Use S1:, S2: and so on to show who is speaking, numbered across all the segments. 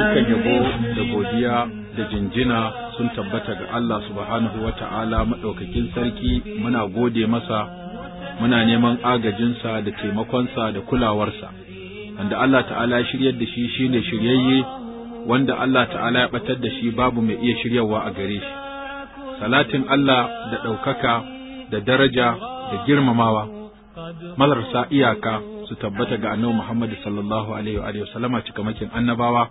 S1: dukkan yabo da godiya
S2: da jinjina sun tabbata ga Allah subhanahu wa ta'ala maɗaukakin sarki muna gode masa muna neman agajinsa da taimakonsa da kulawarsa wanda Allah ta'ala ya shiryar da shi shine shiryayye wanda Allah ta'ala ya batar da shi babu mai iya shiryawa a gare shi salatin Allah da ɗaukaka da daraja da girmamawa malarsa iyaka su tabbata ga annabi Muhammad sallallahu alaihi wa sallama cikamakin annabawa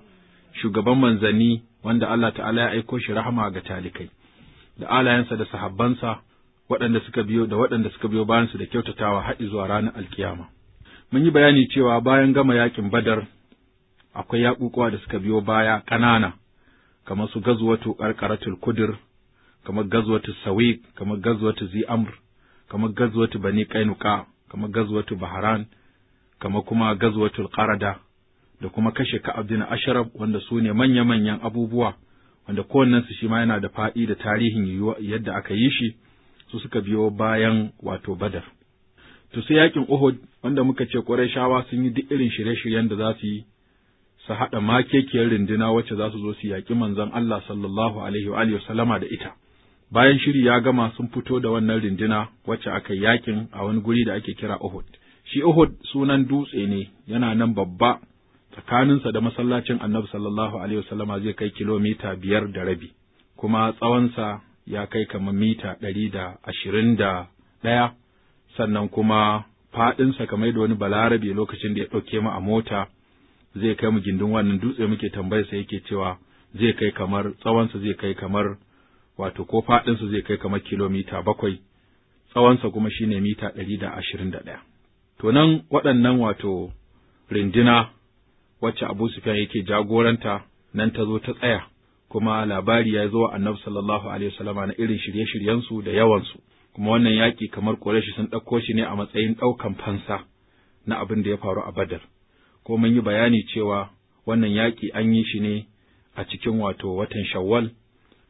S2: shugaban manzanni wanda Allah ta'ala ya aiko shi rahama ga talikai da alayensa da sahabbansa waɗanda suka biyo da waɗanda suka biyo bayansu da kyautatawa haɗi zuwa ranar alkiyama mun yi bayani cewa bayan gama yakin badar akwai yaƙuƙuwa da suka biyo baya ƙanana kamar su gazwatu ƙarƙaratul kudur kamar gazwatu sawiq kamar gazwatu zi amr kamar gazwatu bani kainuka kamar gazwatu baharan kamar kuma gazwatul ƙarada. da kuma kashe Ka'ab Ashraf wanda su ne manya-manyan abubuwa wanda kowannensu shi ma yana da faɗi da tarihin yadda aka yi shi su suka biyo bayan wato Badar. To sai yakin Uhud wanda muka ce Qurayshawa sun yi duk irin shirye-shiryen da za su yi su haɗa makekiyar rinduna wacce za su zo su yaƙi manzon Allah sallallahu alaihi wa sallama da ita. Bayan shiri ya gama sun fito da wannan rinduna wacce aka yakin a wani guri da ake kira Uhud. Shi Uhud sunan dutse ne yana nan babba tsakaninsa da masallacin annabi sallallahu alaihi wasallama zai kai kilomita biyar da rabi kuma tsawonsa ya kai kamar mita ɗari da ashirin da ɗaya sannan kuma faɗinsa kamar da wani balarabe lokacin da ya ɗauke mu a mota zai kai mu gindin wannan dutse muke tambayarsa yake cewa zai kai kamar tsawonsa zai kai kamar wato ko faɗinsa zai kai kamar kilomita bakwai tsawonsa kuma shine mita ɗari da ashirin da ɗaya. To nan waɗannan wato rindina wacce Abu Sufyan yake jagoranta nan ta zo ta tsaya kuma labari ya zo annabi sallallahu alaihi wasallama na irin shirye-shiryensu da yawansu kuma wannan yaƙi kamar Quraishi sun ɗauko shi ne a matsayin ɗaukan fansa na abin da ya faru a Badar ko mun yi bayani cewa wannan yaƙi an yi shi ne a cikin wato watan Shawwal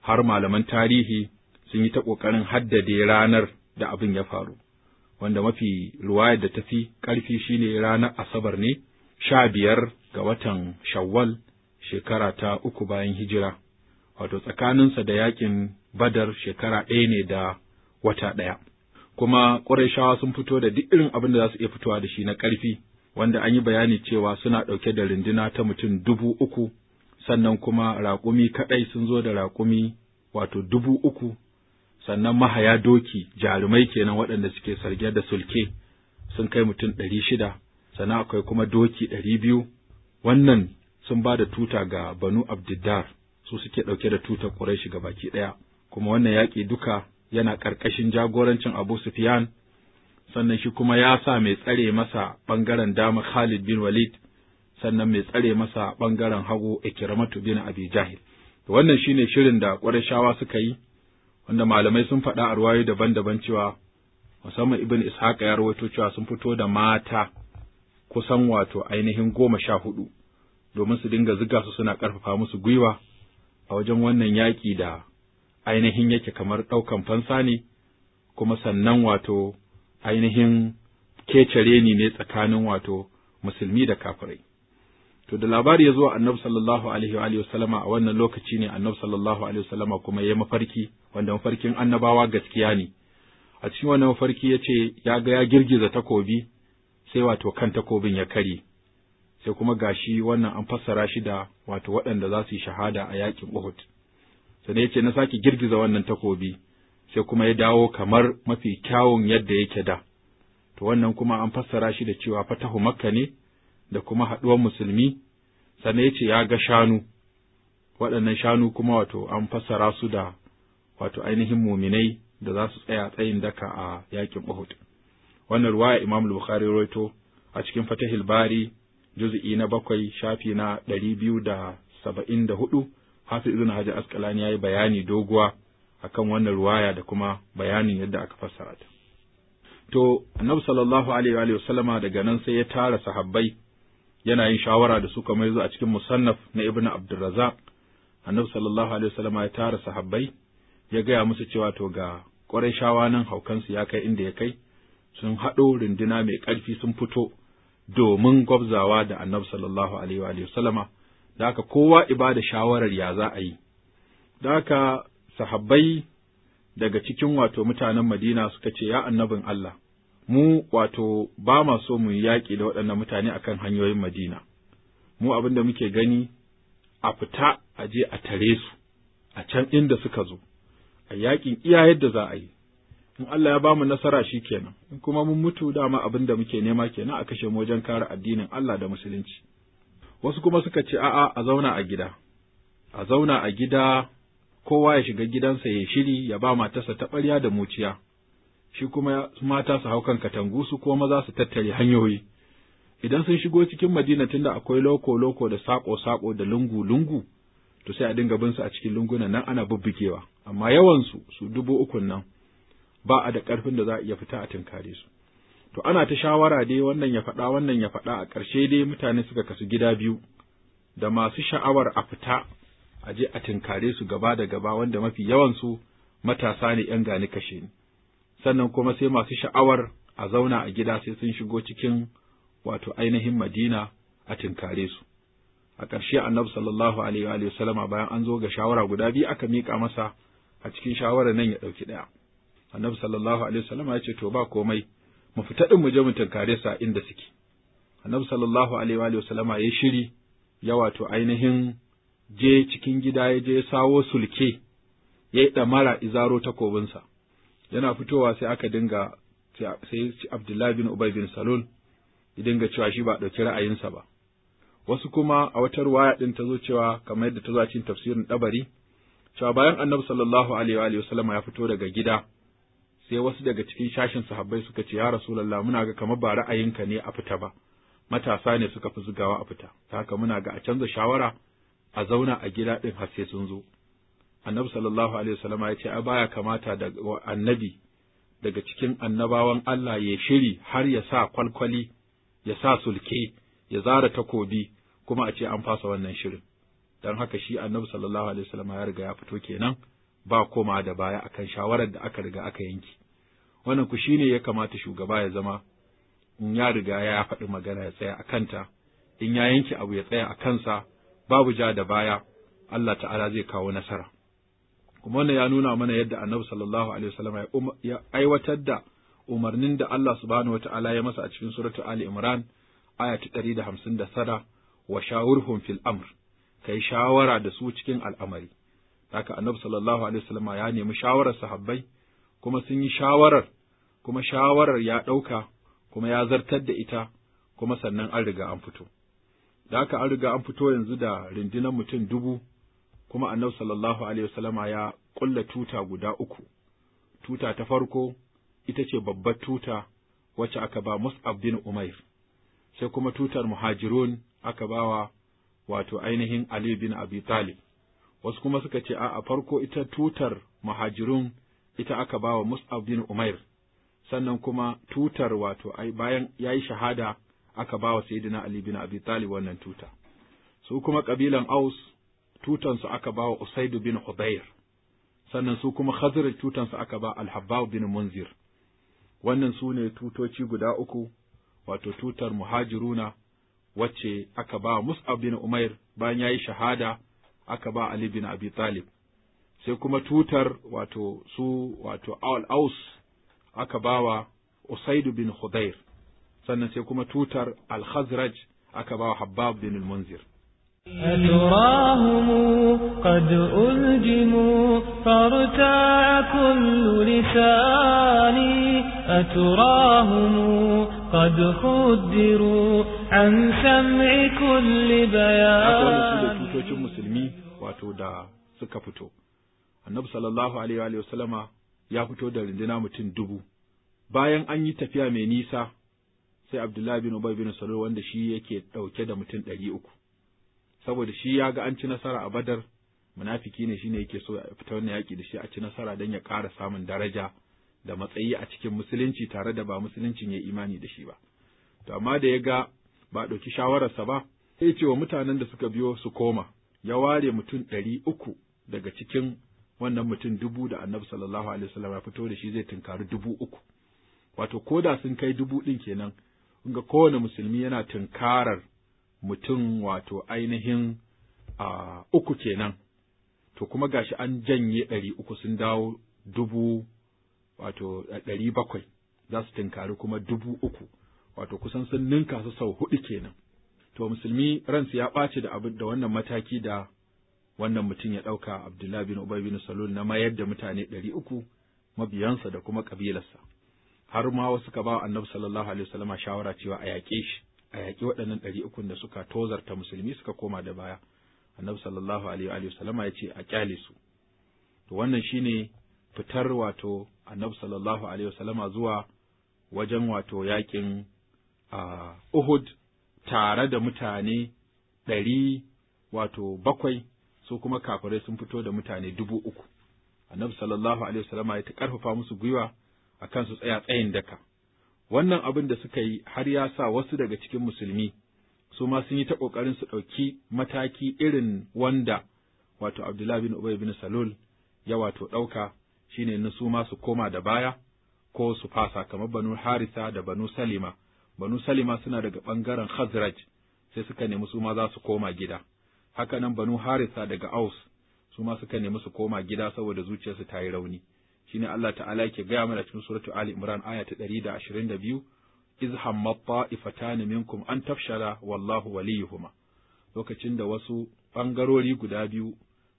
S2: har malaman tarihi sun yi ta ƙoƙarin haddade ranar da abin ya faru wanda mafi ruwayar da tafi ƙarfi shine ranar Asabar ne sha biyar ga watan Shawwal shekara ta uku bayan hijira, wato tsakaninsa da yakin Badar shekara ɗaya ne da wata ɗaya. Kuma Ƙurayshawa sun fito da duk irin abin da za su iya fitowa da shi na ƙarfi, wanda an yi bayani cewa suna ɗauke da runduna ta mutum dubu uku, sannan kuma raƙumi kaɗai sun zo da raƙumi wato dubu uku, sannan mahaya doki jarumai kenan waɗanda suke sarge da sulke sun kai mutum ɗari shida, sannan akwai kuma doki ɗari biyu, wannan sun ba da tuta ga banu abdiddar su suke ɗauke da tutar ƙuraishi ga baki ɗaya kuma wannan yaƙi duka yana ƙarƙashin jagorancin abu sufyan sannan shi kuma ya sa mai tsare masa ɓangaren dama khalid bin walid sannan mai tsare masa ɓangaren hagu ikramatu bin abi jahil wannan shine shirin da ƙurashawa suka yi wanda malamai sun faɗa a ruwayoyi daban-daban cewa musamman ibn ishaq ya rawaito cewa sun fito da mata kusan wato ainihin goma sha hudu domin su dinga ziga su suna ƙarfafa musu gwiwa a wajen wannan yaƙi da ainihin yake kamar ɗaukan fansa ne kuma sannan wato ainihin kecere ne tsakanin wato musulmi da kafirai. To da labari ya zo annabi sallallahu alaihi wa alihi a wannan lokaci ne annabi sallallahu alaihi wasallama kuma ya mafarki wanda mafarkin annabawa gaskiya ne. A cikin wannan mafarki ya ce ya ga ya girgiza takobi sai wato kan takobin ya kare sai kuma gashi wannan an fassara shi da wato waɗanda za su yi shahada a yaƙin Uhud sannan yace na sake girgiza wannan takobi sai kuma ya dawo kamar mafi kyawun yadda yake da to wannan kuma an fassara shi da cewa fatahu makka ne da kuma haɗuwar musulmi sannan yace ya ga shanu waɗannan shanu kuma wato an fassara su da wato ainihin muminai da za su tsaya tsayin daka a yaƙin Uhud wannan ruwaya Imam Bukhari roito a cikin Fatahil Bari juz'i na bakwai shafi na ɗari biyu da saba'in da hudu izina Ibn Hajar Asqalani yayi bayani doguwa akan wannan ruwaya da kuma bayanin yadda aka fassara ta. To Annabi sallallahu alaihi wa sallama daga nan sai ya tara sahabbai yana yin shawara da su kamar yazo a cikin musannaf na Ibn Abdurrazzaq Annabi sallallahu alaihi wa sallama ya tara sahabbai ya gaya musu cewa to ga ƙwarai shawa nan haukansu ya kai inda ya kai sun haɗo runduna mai ƙarfi sun fito domin gwabzawa da annabi sallallahu alaihi wa sallama da haka kowa ibada shawarar ya za a yi da haka sahabbai daga cikin wato mutanen Madina suka ce ya annabin Allah mu wato ba ma so mu yi yaƙi da waɗannan mutane akan hanyoyin Madina mu abin da muke gani a fita a je a tare su a can inda suka zo a yaƙin iya yadda za a yi in Allah ya bamu nasara shi kenan in kuma mun mutu dama abin da muke nema kenan a kashe wajen kare addinin Allah da musulunci wasu kuma suka ce a'a a zauna a gida a zauna a gida kowa ya shiga gidansa ya shiri ya ba matarsa taɓarya da muciya shi kuma mata su hau kan katangu su kuma maza su tattare hanyoyi idan sun shigo cikin madina tunda akwai loko loko da sako sako da lungu lungu to sai a dinga bin su a cikin lunguna nan ana bubbugewa amma yawan su su dubu ukun nan ba a da ƙarfin da za a iya fita a tunkare su to ana ta shawara dai wannan ya faɗa wannan ya faɗa a ƙarshe dai mutane suka kasu gida biyu da masu sha'awar a fita a je a tunkare su gaba da gaba wanda mafi yawansu matasa ne ‘yan gani kashe ne, sannan kuma sai masu sha'awar a zauna a gida sai sun shigo cikin wato ainihin Madina a tunkare su. A ƙarshe annabi sallallahu alaihi wa sallama bayan an zo ga shawara guda biyu aka miƙa masa a cikin shawarar nan ya ɗauki ɗaya. annabi sallallahu alaihi wasallam ya ce to ba komai mu fita din mu je mu tunkare su inda suke annabi sallallahu alaihi wa wasallama ya shiri ya wato ainihin je cikin gida ya je sawo sulke ya yi ɗamara izaro takobinsa yana fitowa sai aka dinga sai Abdullahi bin Ubay bin Salul ya dinga cewa shi ba ɗauki ra'ayinsa ba wasu kuma a wata ruwaya ɗin ta zo cewa kamar yadda ta zo cikin tafsirin dabari. cewa bayan annabi sallallahu alaihi wa sallama ya fito daga gida sai wasu daga cikin shashin sahabbai suka ce ya rasulullah muna ga kamar ba ra'ayinka ne a fita ba matasa ne suka fi zugawa a fita ta haka muna ga a canza shawara a zauna a gida din har sai sun zo annabi sallallahu alaihi wasallam ya ce a baya kamata da annabi daga cikin annabawan Allah ya shiri har ya sa kwalkwali ya sa sulke ya zara takobi kuma a ce an fasa wannan shirin don haka shi annabi sallallahu alaihi wasallam ya riga ya fito kenan ba koma da baya akan shawarar da aka riga aka yanki wannan ku ne ya kamata shugaba ya zama in ya riga ya faɗi magana ya tsaya a kanta in ya yanki abu ya tsaya a kansa babu ja da baya Allah ta'ala zai kawo nasara kuma wannan ya nuna mana yadda annabi sallallahu alaihi wasallam ya um-, aiwatar da umarnin da Allah subhanahu wata'ala ya masa a cikin suratul Ali Imran aya ta Sara wa shawurhum fil amr kai shawara da su cikin al'amari Haka annabi sallallahu alaihi wasallam ya nemi shawarar sahabbai kuma sun yi shawarar kuma shawarar ya ɗauka kuma ya zartar da ita kuma sannan an riga an fito. Da haka an riga an fito yanzu da rundunar mutum dubu kuma annabi sallallahu alaihi wasallam ya ƙulla tuta guda uku. Tuta ta farko ita ce babbar tuta wacce aka ba Mus'ab bin Umair. Sai kuma tutar muhajirun aka bawa wato ainihin Ali bin Abi Talib. wasu kuma suka ce a'a farko ita tutar muhajirun ita aka ba wa Mus'ab bin Umair sannan kuma tutar wato ai bayan yayi shahada aka ba wa Sayyidina Ali bin Abi Talib wannan tuta su kuma kabilan Aus tutansu aka ba wa Usaid bin Hudayr sannan su kuma Khazraj tutansu aka ba al bin Munzir wannan su ne tutoci guda uku wato tutar muhajiruna wacce aka ba Mus'ab bin Umair bayan yayi shahada aka ba Ali bin Abi Talib sai kuma tutar wato su wato al aus aka bawa Usaid bin Khudair sannan sai kuma tutar al Khazraj aka bawa Habbab bin al Munzir
S1: قد ألجموا فارتاع كل لساني أتراهم قد خدروا عن سمع كل بيان
S2: wato da suka fito annabi sallallahu alaihi wa sallama ya fito da runduna mutum dubu bayan an yi tafiya mai nisa sai Abdullahi bin Ubay bin Salul wanda shi yake ɗauke da mutum ɗari uku saboda shi ya ga an ci nasara a Badar munafiki ne shine yake so ya fita wannan yaƙi da shi a ci nasara don ya ƙara samun daraja da matsayi a cikin musulunci tare da ba musuluncin ya imani da shi ba to amma da ya ga ba ɗauki shawararsa ba sai ce wa mutanen da suka biyo su koma ya ware mutum ɗari uku daga cikin wannan mutum dubu da annabi sallallahu alaihi wasallam ya fito da shi zai tunkari dubu uku wato ko da sun kai dubu ɗin kenan ga kowane musulmi yana tunkarar mutum wato ainihin a uku kenan to kuma gashi an janye ɗari uku sun dawo dubu wato ɗari bakwai za su tunkari kuma dubu uku wato kusan sun ninka su sau huɗu kenan to musulmi ransu ya ɓaci da abin da wannan mataki da wannan mutum ya ɗauka Abdullahi bin Ubay bin Salul na mayar da mutane ɗari uku mabiyansa da kuma ƙabilarsa. Har ma wasu ka ba annabi sallallahu alaihi wasallama shawara cewa a yaƙe shi, a yaƙi waɗannan ɗari ukun da suka tozarta musulmi suka koma da baya. Annabi sallallahu alaihi wasallama ya ce a kyale su. To wannan shine fitar wato annabi sallallahu alaihi wasallama zuwa wajen wato yaƙin ah, Uhud tare da mutane ɗari wato bakwai su kuma kafirai sun fito da mutane dubu uku. Annabi sallallahu alaihi wasallama ya ta ƙarfafa musu gwiwa a kan su tsaya tsayin daka. Wannan abin da suka yi har ya sa wasu daga cikin musulmi su ma sun yi ta ƙoƙarin su ɗauki mataki irin wanda wato Abdullahi bin Ubay bin Salul ya wato ɗauka shine na su ma su koma da baya ko su fasa kamar Banu Harisa da Banu Salima. banu salima suna daga ɓangaren khazraj sai suka nemi su ma za su koma gida haka nan banu harisa daga aus su ma suka nemi su koma gida saboda zuciyarsu ta yi rauni shine Allah ta'ala yake gaya mana cikin suratu Ali Imran aya ta da da ashirin ɗari biyu, iz hammat ta'ifatan minkum an tafshara. wallahu waliyuhuma lokacin da wasu bangarori guda biyu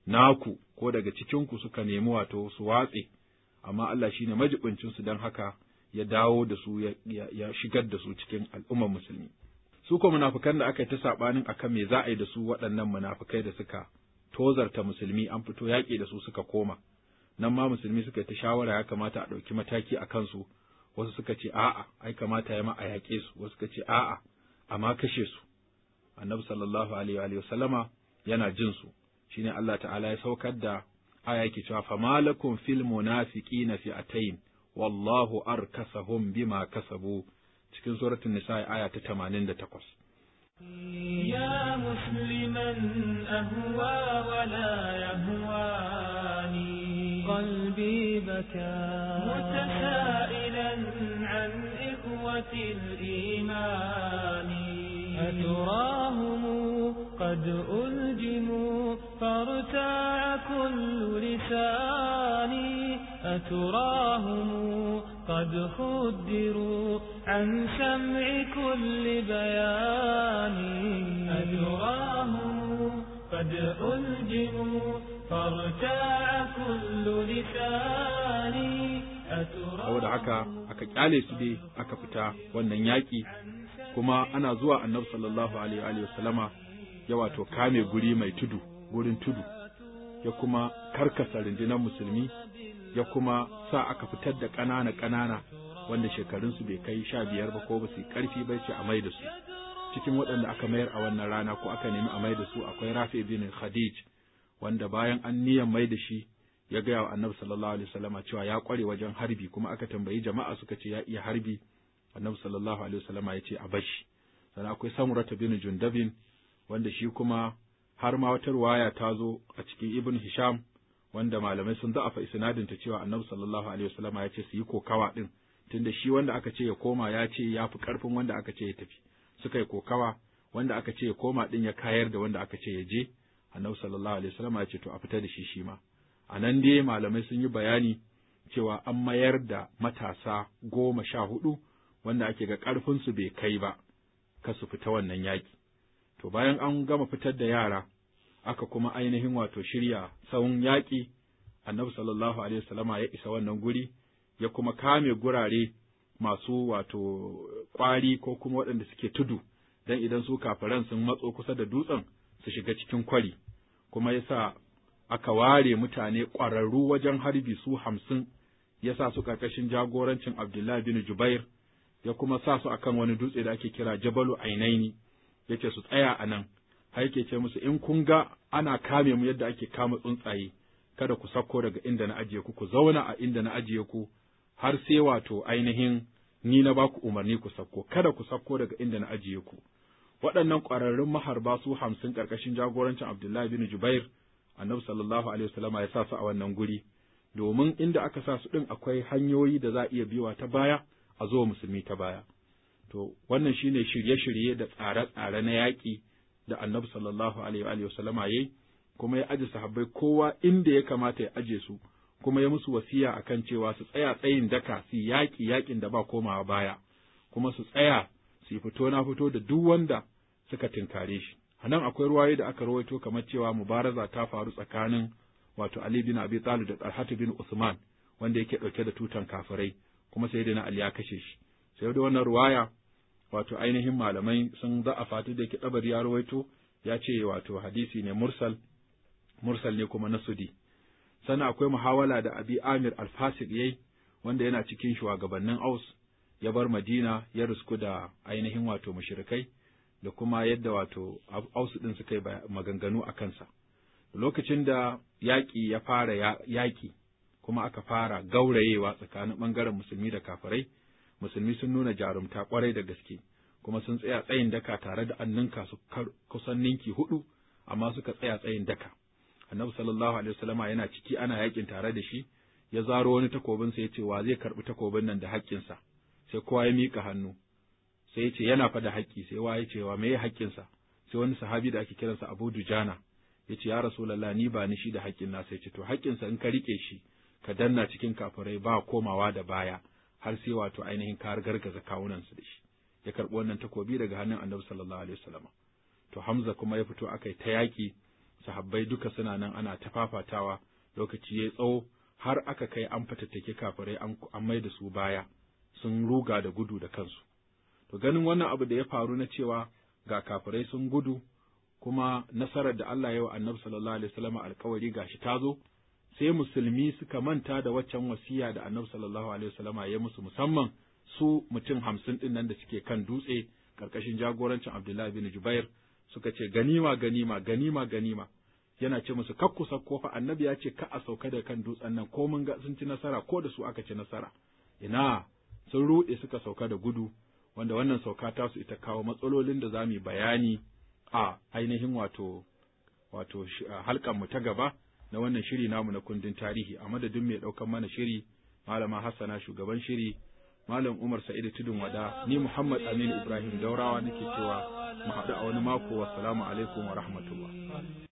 S2: naku ko daga cikinku suka nemi wato su watse amma Allah shi ne su don haka ya dawo da su ya shigar da su cikin al'ummar musulmi su ko munafukan da aka yi ta saɓanin akan me za a yi da su waɗannan munafukai da suka tozarta musulmi an fito yaƙi da su suka koma nan ma musulmi suka yi ta shawara ya kamata a ɗauki mataki a kansu wasu suka ce a'a ai kamata ya ma a yaƙe su wasu suka ce a'a a kashe su annabi sallallahu alaihi wa sallama yana jin su shine Allah ta'ala ya saukar da aya yake cewa famalakum fil munafiqina fi'atayn والله أركسهم بما كسبوا cikin suratul nisa aya ta 88
S1: يا مسلما أهوى ولا يهواني قلبي بكى متسائلا عن إخوة الإيمان أتراهم قد ألجموا فارتاع كل لساني أتراهم قد خدروا عن سمع كل بيان أتراهم قد ألجموا فارتاع كل لسان أتراهم
S2: haka aka kyale su dai aka fita wannan yaƙi kuma ana zuwa annabi sallallahu alaihi wa sallama ya wato kame guri mai tudu gurin tudu ya kuma karkasa rundunar musulmi ya kuma sa aka fitar da ƙanana ƙanana wanda shekarunsu bai kai sha biyar ba ko ba su ƙarfi ba ce a mai da su cikin waɗanda aka mayar a wannan rana ko aka nemi a mai da su akwai rafi bin khadij wanda bayan an niyan mai da shi ya gaya wa annabi sallallahu alaihi wasallama cewa ya kware wajen harbi kuma aka tambayi jama'a suka ce ya iya harbi annabi sallallahu alaihi wasallama ya ce a bashi sannan akwai samurata bin jundabin wanda shi kuma har ma wata ruwaya ta zo a cikin ibn hisham wanda malamai sun da'afa isnadin ta cewa annabi sallallahu alaihi wasallam ya ce su yi kokawa din tunda shi wanda aka ce ya koma ya ce ya fi karfin wanda aka ce ya tafi suka yi kokawa wanda aka ce ya koma din ya kayar da wanda aka ce ya je annabi sallallahu alaihi wasallam ya ce to a fita da shi shi ma a nan dai malamai sun yi bayani cewa an mayar da matasa goma sha hudu wanda ake ga karfin su bai kai ba, ka su fita wannan yaki. To bayan an gama fitar da yara, aka kuma ainihin wato shirya tsawon yaƙi annabi sallallahu alaihi wasallama ya isa wannan guri ya kuma kame gurare masu wato ƙwari ko kuma waɗanda suke tudu don idan su kafiran sun matso kusa da dutsen su shiga cikin kwari kuma ya sa aka ware mutane ƙwararru wajen harbi su hamsin ya sa su ƙarƙashin jagorancin Abdullahi bin Jubair ya kuma sa su akan wani dutse da ake kira Jabalu Ainaini yake su tsaya a nan har ce musu in kun ga ana kame mu yadda ake kama tsuntsaye kada ku sako daga inda na ajiye ku ku zauna a inda na ajiye ku har sai wato ainihin ni na baku umarni ku sako kada ku sako daga inda na ajiye ku waɗannan ƙwararrun maharba su hamsin ƙarƙashin jagorancin Abdullahi bin Jubair annabi sallallahu alaihi wasallama ya sa su a wannan guri domin inda aka sa su ɗin akwai hanyoyi da za a iya biwa ta baya a zo musulmi ta baya to wannan shine shirye-shirye da tsare-tsare na yaƙi da annabi sallallahu alaihi wa sallama yayi kuma ya aje sahabbai kowa inda ya kamata ya aje su kuma ya musu wasiya akan cewa su tsaya tsayin daka su yaƙi yaƙin da ba komawa baya kuma su tsaya su fito na fito da duk wanda suka tinkare shi a nan akwai ruwaye da aka rawaito kamar cewa mubaraza ta faru tsakanin wato Ali bin Abi Talib da Talhat bin Usman wanda yake dauke da tutan kafirai kuma sai dai na Ali ya kashe shi sai da wannan ruwaya wato ainihin malamai sun za'a ta da ke ɗabar ya rawaito ya ce wato hadisi ne mursal mursal ne kuma nasudi sannan akwai muhawala da abi amir alfasir yayi wanda yana cikin shugabannin aus ya bar madina ya rusku da ainihin wato mushrikai da kuma yadda wato aus din suka yi maganganu a kansa lokacin da yaƙi ya fara yaƙi kuma aka fara gaurayewa tsakanin ɓangaren musulmi da kafirai musulmi sun nuna jarumta kwarai da gaske kuma sun tsaya tsayin daka tare da annunka su kusan ninki hudu amma suka tsaya tsayin daka annabi sallallahu alaihi wasallama yana ciki ana yakin tare da shi ya zaro wani takobin sai ya ce wa zai karbi takobin nan da haƙƙinsa sai kowa ya mika hannu sai ya ce yana fa da haƙƙi sai wa ya ce wa meye haƙƙinsa sai wani sahabi da ake kiransa Abu Dujana ya ce ya rasulullahi ni ba ni shi da haƙƙin na sai ce to haƙƙinsa in ka rike shi ka danna cikin kafirai ba komawa da baya har sai wato ainihin ka gargaza kawunansu da shi ya karɓi wannan takobi daga hannun annabi sallallahu alaihi wasallam to Hamza kuma ya fito akai ta yaƙi sahabbai duka suna nan ana tafafatawa lokaci ya tsawo har aka kai an fatattake kafirai an mai da su baya sun ruga da gudu da kansu to ganin wannan abu da ya faru na cewa ga kafirai sun gudu kuma nasarar da Allah ya wa Annabi sallallahu alaihi wasallam alƙawari gashi ta zo sai musulmi suka manta da waccan wasiya da annabi sallallahu alaihi wasallama ya musu musamman su mutum hamsin ɗin nan da suke kan dutse ƙarƙashin jagorancin Abdullahi bin Jubair suka ce ganima ganima ganima ganima yana ce musu kakku sakko fa annabi ya ce ka a sauka da kan dutsen nan ko mun ga sun ci nasara ko da su aka ci nasara ina sun rude suka sauka da gudu wanda wannan sauka ta su ita kawo matsalolin da za mu bayani a ainihin wato wato halkan mu ta gaba na wannan shiri namu na kundin tarihi a madadin mai ɗaukan mana shiri malama hassana shugaban shiri malam umar sa'idu tudun wada ni muhammad aminu ibrahim daurawa nake cewa mu haɗu a wani mako wassalamu alaikum wa
S1: rahmatullah